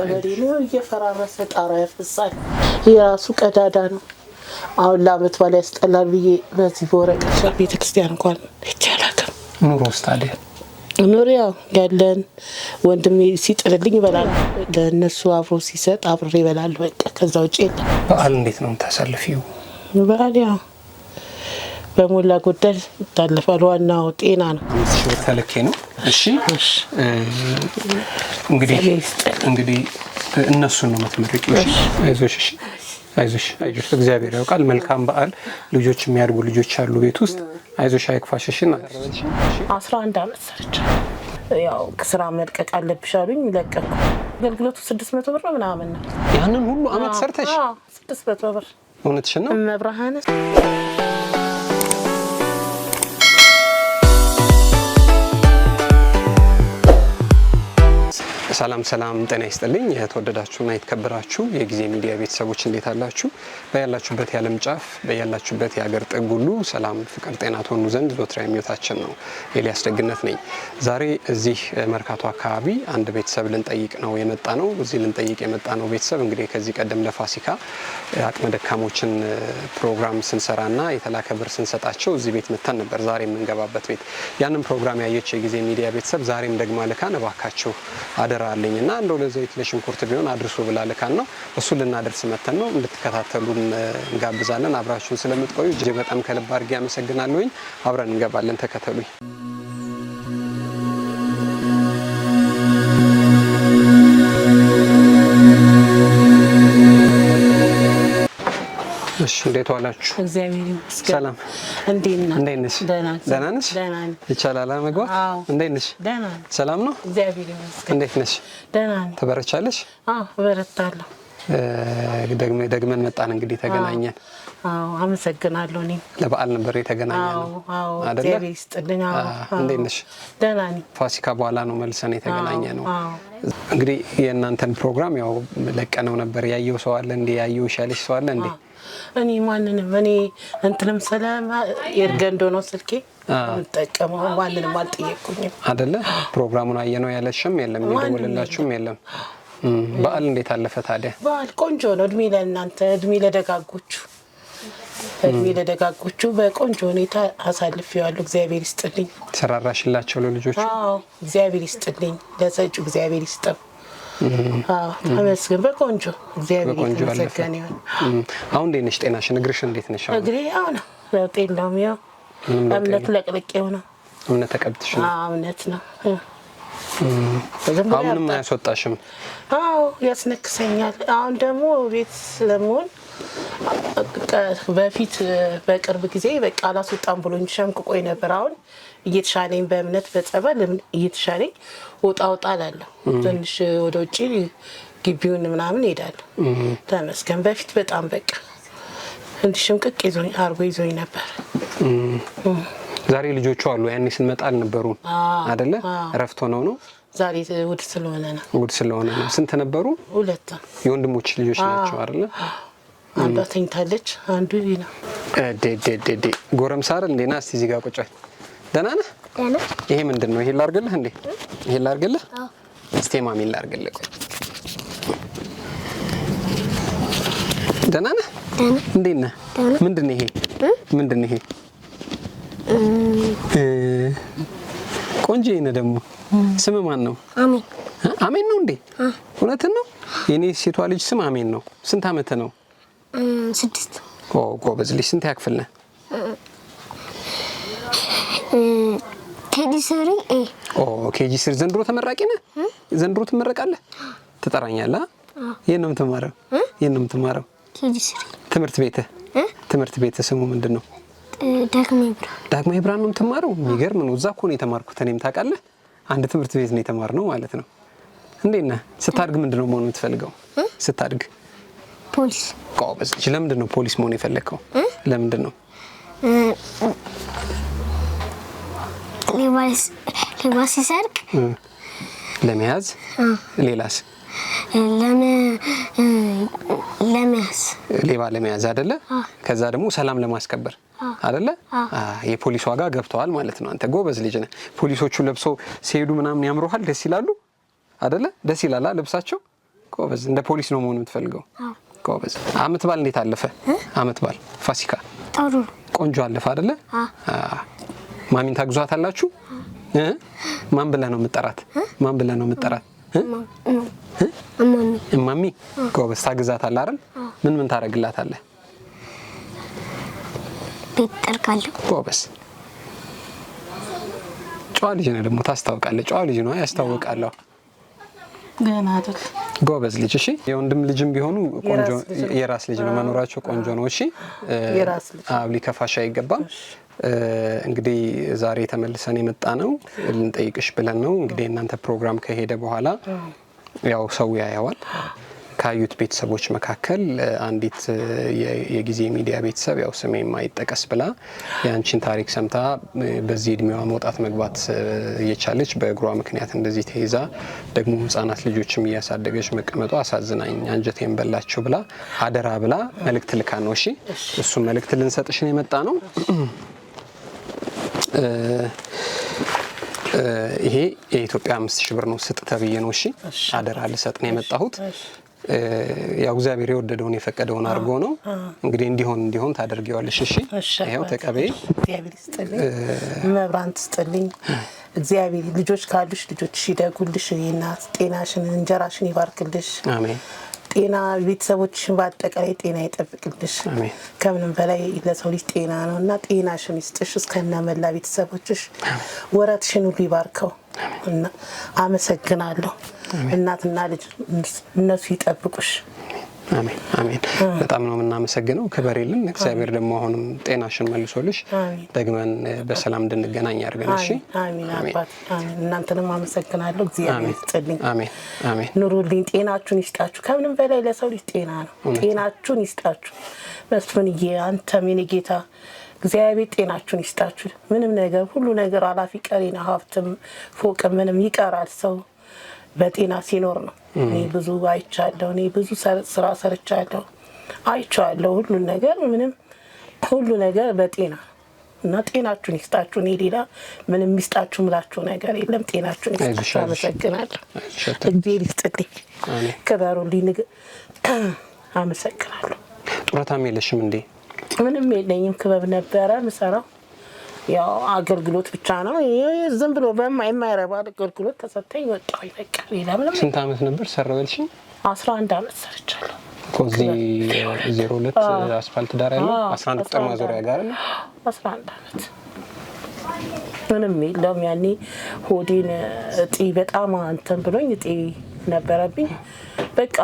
ቀበሌ ነው እየፈራረሰ ጣራ ያፈሳል። የራሱ ቀዳዳ ነው። አሁን ለአመት በላይ ያስጠላል ብዬ በዚህ በወረቀት ቤተክርስቲያን እንኳን ይቻላትም ኑሮ ውስጥ ኑሮ ያው ያለን ወንድሜ ሲጥልልኝ ይበላል። ለእነሱ አብሮ ሲሰጥ አብሬ ይበላል። በቃ ከዛ ውጭ የለም። በዓል እንዴት ነው ታሳልፊው? በዓል ያው በሞላ ጎደል ይታለፋል። ዋናው ጤና ነው። ተልኬ ነው። እሺ እንግዲህ እነሱን ነው የምትመርቂው። አይዞሽ እሺ አይዞሽ አይዞሽ፣ እግዚአብሔር ያውቃል። መልካም በዓል። ልጆች የሚያድጉ ልጆች አሉ ቤት ውስጥ። አይዞሽ አይክፋሽሽን። አስራ አንድ አመት ሰርች ያው ስራ መልቀቅ አለብሽ አሉኝ። ለቀቅኩ። አገልግሎቱ ስድስት መቶ ብር ነው ምናምን ነው። ያንን ሁሉ አመት ሰርተሽ ስድስት መቶ ብር እውነትሽን ነው መብርሃነ ሰላም ሰላም፣ ጤና ይስጥልኝ የተወደዳችሁና የተከበራችሁ የጊዜ ሚዲያ ቤተሰቦች እንዴት አላችሁ? በያላችሁበት የዓለም ጫፍ በያላችሁበት የሀገር ጥግ ሁሉ ሰላም፣ ፍቅር፣ ጤና ትሆኑ ዘንድ ዞትሪያ ምኞታችን ነው። ኤልያስ ደግነት ነኝ። ዛሬ እዚህ መርካቶ አካባቢ አንድ ቤተሰብ ልንጠይቅ ነው የመጣ ነው። እዚህ ልንጠይቅ የመጣ ነው ቤተሰብ እንግዲህ ከዚህ ቀደም ለፋሲካ አቅመ ደካሞችን ፕሮግራም ስንሰራና የተላከ ብር ስንሰጣቸው እዚህ ቤት መተን ነበር። ዛሬ የምንገባበት ቤት ያንን ፕሮግራም ያየች የጊዜ ሚዲያ ቤተሰብ ዛሬም ደግማ ልካን እባካችሁ አደራ አለኝ እና እንደው ለዘይት ለሽንኩርት ቢሆን አድርሶ ብላ ልካን ነው እሱ ልናደርስ መተን ነው። እንድትከታተሉን እንጋብዛለን። አብራችሁን ስለምትቆዩ እጅግ በጣም ከልብ አድርጌ አመሰግናለሁኝ። አብረን እንገባለን። ተከተሉኝ። እሺ እንዴት ዋላችሁ? እግዚአብሔር ይመስገን። ሰላም እንዴት ነሽ? ደህና ነሽ? ይቻላል መግባት? አዎ። እንዴት ነሽ? ደህና ሰላም ነው? እግዚአብሔር ይመስገን። እንዴት ነሽ? ደህና ትበረቻለሽ? አዎ፣ እበረታለሁ። ደግመን መጣን እንግዲህ ተገናኘን። አዎ፣ አመሰግናለሁ። እኔም ለበዓል ነበር የተገናኘነው። አዎ፣ እግዚአብሔር ይስጥልኝ። አዎ። እንዴት ነሽ? ደህና ነኝ። ፋሲካ በኋላ ነው መልሰን የተገናኘነው። አዎ እንግዲህ የእናንተን ፕሮግራም ያው ለቀነው ነበር ያየው ሰው አለ እንዴ? ያየው ይሻለሽ ሰው አለ እንዴ? እኔ ማንንም እኔ እንትንም ስለ የእርገንዶ ነው ስልኬ የምጠቀመው ማንንም አልጠየቁኝም። አደለ ፕሮግራሙን አየነው ያለሽም የለም የሚደውልላችሁም የለም። በዓል እንዴት አለፈ ታዲያ? በዓል ቆንጆ ነው። እድሜ ለእናንተ፣ እድሜ ለደጋጎቹ በእድሜ ለደጋጎቹ በቆንጆ ሁኔታ አሳልፌዋለሁ። እግዚአብሔር ይስጥልኝ። ተራራሽላቸው ለልጆቹ? እግዚአብሔር ይስጥልኝ። ለሰጩ እግዚአብሔር ይስጠው። አመስገን በቆንጆ እግዚአብሔር የተመሰገነ ይሁን። አሁን እንዴት ነሽ? ጤናሽን እግርሽ እንዴት ነሽ? እግሬ ያው ነው፣ ለውጥ የለውም። ያው እምነት ለቅልቄው ነው። እምነት ተቀብትሽ ነው? እምነት ነው። አሁንም አያስወጣሽም? አዎ ያስነክሰኛል። አሁን ደግሞ ቤት ለመሆን በፊት በቅርብ ጊዜ በቃ አላስወጣም ብሎ ሸምቅቆኝ ነበር። አሁን እየተሻለኝ በእምነት በጸበል እየተሻለኝ ወጣ ወጣ እላለሁ። ትንሽ ወደ ውጭ ግቢውን ምናምን እሄዳለሁ። ተመስገን። በፊት በጣም በቃ እንዲህ ሽምቅቅ ይዞኝ አርጎ ይዞኝ ነበር። ዛሬ ልጆቹ አሉ። ያኔ ስንመጣ አልነበሩ አደለ? እረፍት ሆነው ነው ዛሬ እሑድ ስለሆነ ነው። እሑድ ስለሆነ ነው። ስንት ነበሩ? ሁለት። የወንድሞች ልጆች ናቸው አደለ? አንዷ ተኝታለች። አንዱ ነው ዴዴዴዴ ጎረምሳ አይደል እንዴ? ና እስቲ እዚህ ጋር ቁጭ ደህና ነህ? ይሄ ምንድን ነው? ይሄ ላርግልህ እንዴ? ይሄ ላርግልህ እስቴ ማሚ ላርግልህ። ደህና ነህ? እንዴት ነህ? ምንድን ነው ይሄ? ምንድን ነው ይሄ? ቆንጆ ነህ ደግሞ። ስም ማን ነው? አሜን ነው እንዴ? እውነትን ነው? የኔ ሴቷ ልጅ ስም አሜን ነው። ስንት አመት ነው? ስድስት ጎበዝ ልጅ። ስንት ያክፍል ነህ? ኬጂ ስሪ ኬጂ ስሪ። ዘንድሮ ተመራቂ ነህ? ዘንድሮ ትመረቃለህ? ትጠራኛለህ? ይህን ነው የምትማረው? ይህን ነው የምትማረው? ኬጂ ስሪ። ትምህርት ቤትህ ትምህርት ቤትህ ስሙ ምንድን ነው? ዳግማዊ ብርሃን። ዳግማዊ ብርሃን ነው የምትማረው? የሚገርም ነው። እዛ እኮ ነው የተማርኩት እኔም። ታውቃለህ፣ አንድ ትምህርት ቤት ነው የተማርነው ማለት ነው። እንዴት ነህ? ስታድግ ምንድን ነው መሆኑ የምትፈልገው ስታድግ? ፖሊስ። ጎበዝ ልጅ። ለምንድን ነው ፖሊስ መሆን የፈለግከው? ለምንድን ነው? ሌባ ሲሰርቅ ለመያዝ። ሌላስ? ለመያዝ ሌባ ለመያዝ አደለ? ከዛ ደግሞ ሰላም ለማስከበር አደለ? የፖሊስ ዋጋ ገብተዋል ማለት ነው። አንተ ጎበዝ ልጅ ነህ። ፖሊሶቹ ለብሰው ሲሄዱ ምናምን ያምረሃል፣ ደስ ይላሉ አደለ? ደስ ይላላ ልብሳቸው። ጎበዝ። እንደ ፖሊስ ነው መሆን የምትፈልገው? ጎበዝ። አመት በዓል እንዴት አለፈ? አመት በዓል ፋሲካ ጥሩ ቆንጆ አለፈ አይደለ? ማሚን ታግዟት አላችሁ? ማን ብለህ ነው የምጠራት? ማን ብለህ ነው የምጠራት? እማሚ ጎበዝ። ታግዛት አለ አይደል? ምን ምን ታደርግላት አለ? ቤት ጠርጋለሁ። ጎበዝ። ጨዋ ልጅ ነው ደግሞ ታስታውቃለህ። ጨዋ ልጅ ነው ያስታውቃለሁ። ገና ጎበዝ ልጅ። እሺ የወንድም ልጅም ቢሆኑ ቆንጆ የራስ ልጅ ነው፣ መኖራቸው ቆንጆ ነው። እሺ አብ ሊከፋሽ አይገባም። እንግዲህ ዛሬ ተመልሰን የመጣ ነው ልንጠይቅሽ ብለን ነው። እንግዲህ እናንተ ፕሮግራም ከሄደ በኋላ ያው ሰው ያየዋል ካዩት ቤተሰቦች መካከል አንዲት የጊዜ ሚዲያ ቤተሰብ ያው ስሜ የማይጠቀስ ብላ የአንቺን ታሪክ ሰምታ በዚህ እድሜዋ መውጣት መግባት እየቻለች በእግሯ ምክንያት እንደዚህ ተይዛ ደግሞ ህጻናት ልጆችም እያሳደገች መቀመጧ አሳዝናኝ አንጀቴን በላችሁ ብላ አደራ ብላ መልእክት ልካ ነው። እሺ እሱ መልእክት ልንሰጥሽን የመጣ ነው። ይሄ የኢትዮጵያ አምስት ሺህ ብር ነው ስጥ ተብዬ ነው። እሺ አደራ ልሰጥ ነው የመጣሁት። ያው እግዚአብሔር የወደደውን የፈቀደውን አድርጎ ነው እንግዲህ እንዲሆን እንዲሆን ታደርጊዋለሽ። እሺ ይኸው ተቀበይ። እግዚአብሔር ይስጥልኝ፣ መብራን ትስጥልኝ። እግዚአብሔር ልጆች ካሉሽ ልጆችሽ ይደጉልሽ፣ ይና ጤናሽን እንጀራሽን ይባርክልሽ። አሜን። ጤና ቤተሰቦችሽን በአጠቃላይ ጤና ይጠብቅልሽ። ከምንም በላይ ለሰው ልጅ ጤና ነው እና ጤናሽን ይስጥሽ እስከነ መላ ቤተሰቦችሽ፣ ወረትሽን ሁሉ ይባርከው እና አመሰግናለሁ። እናትና ልጅ እነሱ ይጠብቁሽ። አሜን አሜን። በጣም ነው የምናመሰግነው። ክበሬልን። እግዚአብሔር ደግሞ አሁንም ጤናሽን መልሶልሽ ደግመን በሰላም እንድንገናኝ አድርገን። እሺ እናንተንም አመሰግናለሁ። እግዚአብሔር ይስጥልኝ። አሜን አሜን። ኑሩልኝ። ጤናችሁን ይስጣችሁ። ከምንም በላይ ለሰው ልጅ ጤና ነው። ጤናችሁን ይስጣችሁ። መስፍንዬ፣ አንተም የኔ ጌታ እግዚአብሔር ጤናችሁን ይስጣችሁ። ምንም ነገር ሁሉ ነገር አላፊ ቀሪ ነው። ሀብትም ፎቅ ምንም ይቀራል ሰው በጤና ሲኖር ነው። እኔ ብዙ አይቻለሁ። እኔ ብዙ ስራ ሰርቻለሁ፣ አይቼዋለሁ። ሁሉን ነገር ምንም ሁሉ ነገር በጤና እና ጤናችሁን ይስጣችሁ። እኔ ሌላ ምንም ይስጣችሁ ምላችሁ ነገር የለም። ጤናችሁን ይስጣችሁ። አመሰግናለሁ። እግዜር ይስጥልኝ። ክበሩልኝ። ንግ አመሰግናለሁ። ጡረታም የለሽም እንዴ? ምንም የለኝም። ክበብ ነበረ ምሰራው ያው አገልግሎት ብቻ ነው። ዝም ብሎ የማይረባ አገልግሎት ተሰጠኝ ወጣሁ። በቃ ሌላ ምንም። ስንት ዓመት ነበር ሰረበልሽ? በልሽኝ? አስራ አንድ ዓመት ሰርቻለሁ እዚህ ዜሮ ሁለት አስፋልት ዳር ያለው አስራ አንድ ቁጥር ማዞሪያ ጋር አስራ አንድ ዓመት ምንም የለውም። ያኔ ሆዴን እጢ በጣም እንትን ብሎኝ እጢ ነበረብኝ። በቃ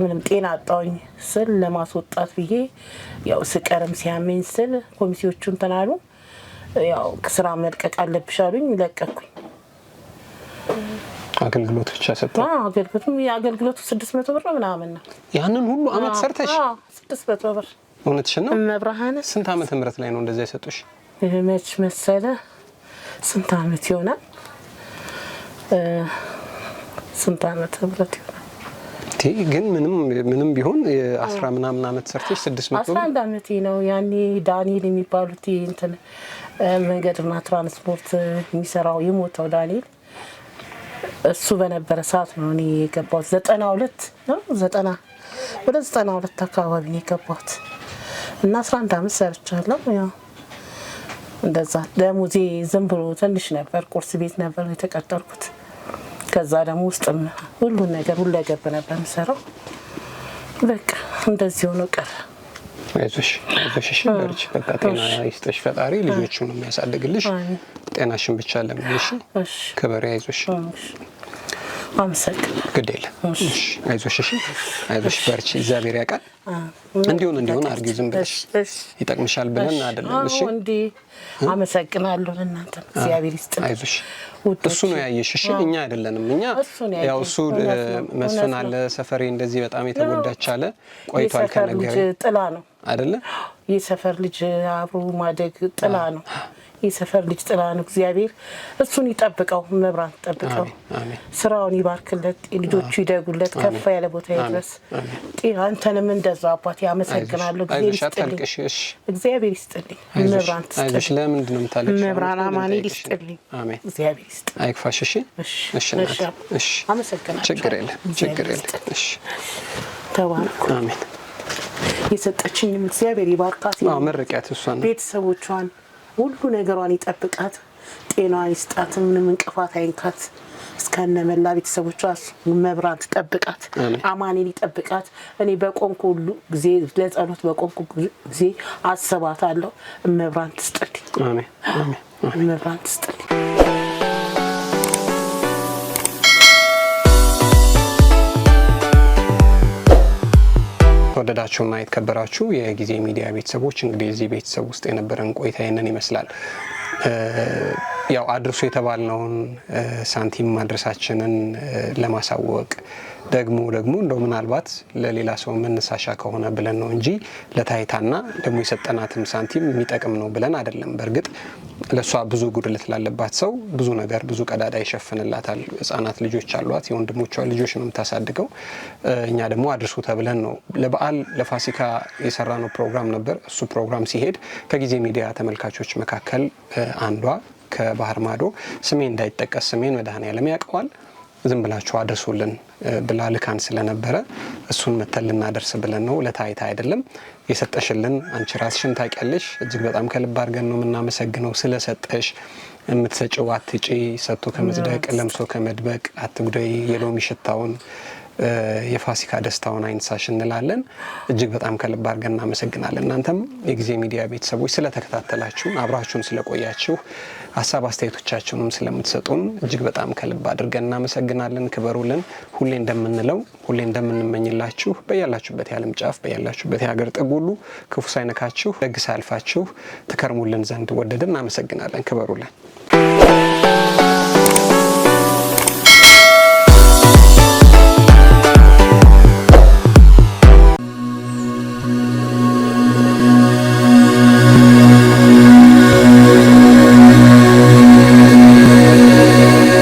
ምንም ጤና አጣውኝ ስል ለማስወጣት ብዬ ያው ስቀርም ሲያመኝ ስል ኮሚቴዎቹ እንትን አሉ ያው ስራ መልቀቅ አለብሽ አሉኝ። ለቀኩኝ። አገልግሎት ብቻ ሰጠ። አገልግሎቱ የአገልግሎቱ ስድስት መቶ ብር ምናምን ነው። ያንን ሁሉ አመት ሰርተሽ ስድስት መቶ ብር እውነትሽ ነው። መብርሃን ስንት አመት ምረት ላይ ነው እንደዚያ የሰጡሽ? መች መሰለ ስንት አመት ይሆናል? ስንት አመት ምረት ይሆናል? ግን ምንም ምንም ቢሆን የአስራ ምናምን አመት ሰርተሽ ስድስት መቶ አስራ አንድ አመቴ ነው ያኔ ዳንኤል የሚባሉት እንትን መንገድና ትራንስፖርት የሚሰራው የሞተው ዳንኤል እሱ በነበረ ሰዓት ነው እኔ የገባሁት። ዘጠና ሁለት ነው ዘጠና ወደ ዘጠና ሁለት አካባቢ ነው የገባሁት እና አስራ አንድ አመት ሰርቻለሁ። ያው እንደዛ ደሞዜ ዝም ብሎ ትንሽ ነበር። ቁርስ ቤት ነበር የተቀጠርኩት ከዛ ደግሞ ውስጥም ሁሉን ነገር ሁሉ ገብ ነበር የምሰራው። በቃ እንደዚህ ሆኖ ቀረ። አይዞሽ አይዞሽ፣ ደርች በቃ ጤና ይስጥሽ ፈጣሪ፣ ልጆቹን የሚያሳድግልሽ ጤናሽን ብቻ ለምንሽ ክብር። አይዞሽ አመሰግናለሁ። ግድ የለም አይዞሽ፣ አይዞሽ፣ በርቺ፣ እግዚአብሔር ያውቃል። እንዲሁን እንዲሁን አድርጊው። ዝም ብለሽ ይጠቅምሻል ብለን አይደለም። እሺ፣ እንዲህ አመሰግናለሁ። እናንተ እግዚአብሔር ይስጥልሽ። እሱ ነው ያየሽ። እሺ፣ እኛ አይደለንም። እኛ ያው እሱ መስፍን አለ ሰፈሬ እንደዚህ በጣም የተጎዳች አለ ቆይቷል። ከነገር ጥላ ነው አይደለ? የሰፈር ልጅ አብሮ ማደግ ጥላ ነው የሰፈር ልጅ ጥላ ነው። እግዚአብሔር እሱን ይጠብቀው፣ መብራት ጠብቀው፣ ስራውን ይባርክለት፣ ልጆቹ ይደጉለት፣ ከፍ ያለ ቦታ ይድረስ። አንተንም እንደዛ አባት ያመሰግናለሁ። እግዚአብሔር ይስጥልኝ፣ መብራን ትስጥልኝ፣ መብራን ይስጥልኝ፣ እግዚአብሔር አይክፋሽ። እሺ፣ እሺ፣ አመሰግናለሁ። ችግር የለም፣ ችግር የለም። እሺ፣ ተባረኩ። አሜን። የሰጠችኝም እግዚአብሔር ይባርካት፣ እሷን ቤተሰቦቿን ሁሉ ነገሯን ይጠብቃት፣ ጤና ይስጣት፣ ምንም እንቅፋት አይንካት። እስከነ መላ ቤተሰቦቿ መብራት ጠብቃት፣ አማኔን ይጠብቃት። እኔ በቆንኩ ሁሉ ጊዜ ለጸሎት በቆንኩ ጊዜ አስባታለሁ። መብራን ትስጥልኝ፣ መብራን ትስጥልኝ። የተወደዳችሁና የተከበራችሁ የጊዜ ሚዲያ ቤተሰቦች እንግዲህ እዚህ ቤተሰብ ውስጥ የነበረን ቆይታ ይንን ይመስላል። ያው አድርሱ የተባልነውን ሳንቲም ማድረሳችንን ለማሳወቅ ደግሞ ደግሞ እንደው ምናልባት ለሌላ ሰው መነሳሻ ከሆነ ብለን ነው እንጂ ለታይታና ደግሞ የሰጠናትም ሳንቲም የሚጠቅም ነው ብለን አይደለም። በእርግጥ ለእሷ ብዙ ጉድለት ላለባት ሰው ብዙ ነገር ብዙ ቀዳዳ ይሸፍንላታል። ህጻናት ልጆች አሏት፣ የወንድሞቿ ልጆች ነው የምታሳድገው። እኛ ደግሞ አድርሱ ተብለን ነው ለበዓል ለፋሲካ የሰራነው ፕሮግራም ነበር። እሱ ፕሮግራም ሲሄድ ከጊዜ ሚዲያ ተመልካቾች መካከል አንዷ ከባህር ማዶ ስሜ እንዳይጠቀስ ስሜን መድኃኔዓለም ያውቀዋል ዝም ብላችሁ አድርሱልን ብላ ልካን ስለነበረ እሱን መተን ልናደርስ ብለን ነው። ለታይታ አይደለም የሰጠሽልን አንቺ ራስሽን ታውቂያለሽ። እጅግ በጣም ከልብ አድርገን ነው የምናመሰግነው ስለሰጠሽ። የምትሰጭው አትጪ፣ ሰጥቶ ከመጽደቅ ለምሶ ከመድበቅ፣ አትጉደይ የሎሚ ሽታውን የፋሲካ ደስታውን አይንሳሽ እንላለን። እጅግ በጣም ከልብ አድርገን እናመሰግናለን። እናንተም የጊዜ ሚዲያ ቤተሰቦች ስለተከታተላችሁን፣ አብራችሁን ስለቆያችሁ፣ ሀሳብ አስተያየቶቻችሁንም ስለምትሰጡን እጅግ በጣም ከልብ አድርገን እናመሰግናለን። ክበሩልን። ሁሌ እንደምንለው ሁሌ እንደምንመኝላችሁ በያላችሁበት የዓለም ጫፍ በያላችሁበት የሀገር ጥግ ሁሉ ክፉ ሳይነካችሁ ደግ ሳያልፋችሁ ትከርሙልን ዘንድ ወደድን። እናመሰግናለን። ክበሩልን።